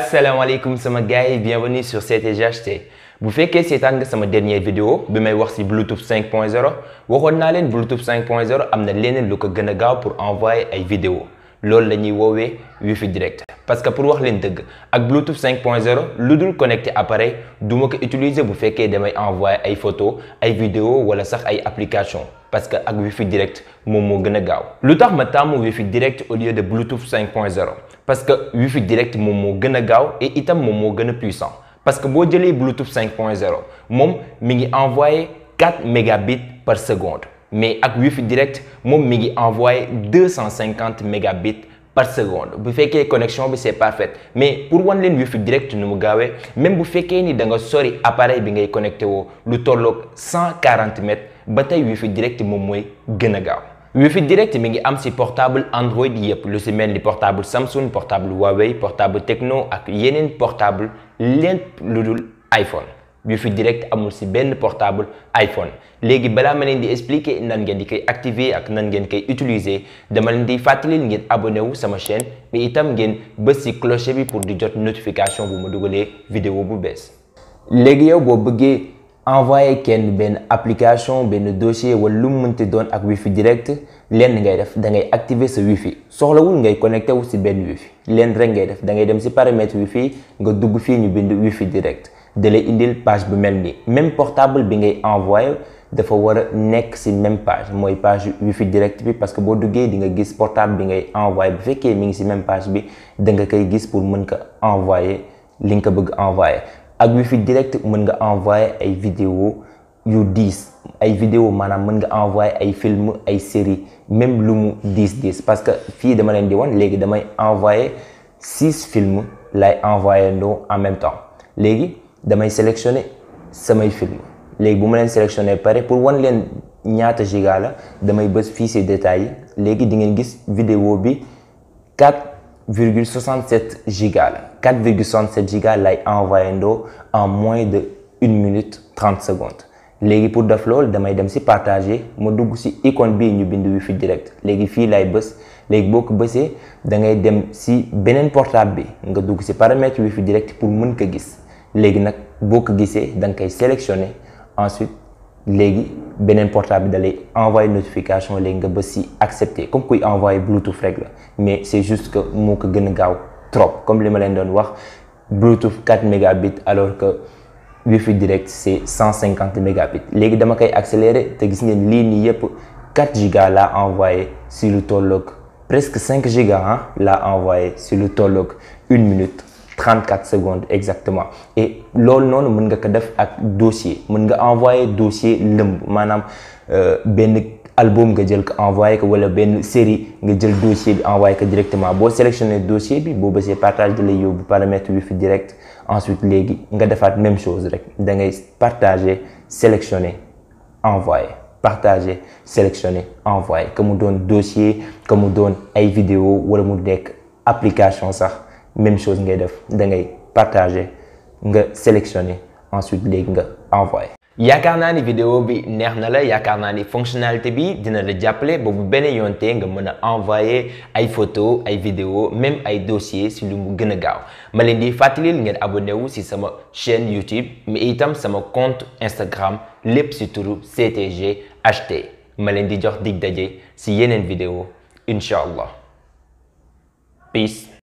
Assalamu alaikum sama gars bienvenue sur CTGHT Vous faites que c'est ma dernière vidéo je vais voir ci Bluetooth 5.0 Vous n'a Bluetooth 5.0 vous na le lu pour envoyer une vidéo ce lañuy wowe wifi direct parce que pour wax leen deug ak bluetooth 5.0 lu connecter appareil du ma pour utiliser bu photos, des vidéos ay photo ay vidéo wala sax ay application parce que ak wifi direct moom moo gën a gaaw lu ma wifi direct au lieu de bluetooth 5.0 parce que wifi direct fi direct est et itam puissant parce que vous le bluetooth 5.0 vous mi ngi 4 mégabits par seconde mais avec Wi-Fi direct je mi 250 mégabits par seconde bu la connexion c'est parfaite mais pour wan le Wi-Fi direct même si vous ni un appareil connecté à lu 140 mètres ba Wi-Fi direct Wifi Wi-Fi direct mi un portable Android le portable Samsung portable Huawei portable Techno, et portable iPhone Wi-Fi direct amul si ben portable iPhone légui bala ma len di expliquer nan ngeen di kay activer ak nan ngeen kay utiliser dama len di fàttalil ngeen abonné wu sama chaîne mais itam ngeen beusi cloche bi pour di jot notification bu ma dugalee vidéo bu bess légui yow bo beugé envoyer kenn ben application ben dossier wala lu mu mënti doon ak Wifi direct lenn ngay def da ngay activer sa Wifi soxlawul ngay connecté wu si benn Wifi lenn rek ngay def da ngay dem si paramètre Wifi nga dugg fi ñu bind Wifi direct de lay indil page bu melni même portable bi ngay envoyer dafa war a nekk si même page moy page wifi direct bi parce que bo duggee di nga gis portable bi ngay envoyer bu fekkee mi ngi ci même page bi da nga kay gis pour mën ka envoyer li bëgg envoyer ak wifi direct mën nga envoyer ay vidéo yu 10 ay vidéo manam mën nga envoyer ay film ay série même lu mu 10 diis parce que fi dama len di won légui damay envoyer 6 films lay envoyer ndoo en même temps légui vais sélectionner mon film Je vais vais sélectionner sélectionné pour ñaata giga je damay faire détails vidéo bi 4,67 giga 4,67 envoyé en moins de 1 minute 30 secondes pour le je vais partager Je dugg wifi direct Je vais lay Je da ngay dem portable wifi direct pour léegi nag boo ko gisee da sélectionner. ensuite les benen portable d'aller envoyer notification léegi nga bës si accepté comme kuy envoyé bluetooth mais c'est juste que moo ko trop comme li ma leen doon wax bluetooth 4 mégabits alors que wifi direct c'est 150 mégabits léegi dama kay accéléré te gis ngeen li ni yépp 4 giga la envoyé sur le presque 5 giga ah envoyé sur le tolloog une minute 34 secondes exactement et lol non mën nga ko def un dossier mën nga envoyer dossier manam euh, ben album nga jël ko envoyé ko wala ben série nga jël dossier bi envoyé ko directement bo sélectionné dossier bi bo partager partage lay paramètre direct ensuite légui nga la même chose rek da ngay partager sélectionner envoyer. partager sélectionner envoyer. comme on un dossier comme on donne ay vidéo wala mu application même chose ngay def da ngay partager nga sélectionner ensuite léegi envoyer. yaakaar ni vidéo bi neex na la yaakaar ni fonctionnalité bi dina la jàppale ba bu benn yoon nga mën envoyer ay photo ay vidéo même ay dossier si lu mu gëna a gaaw ma di fàttalil ngeen abonné wu si sama chaîne YouTube mais itam sama compte Instagram lépp si turu CTG HT ma di jox dig daje si yeneen vidéo incha peace.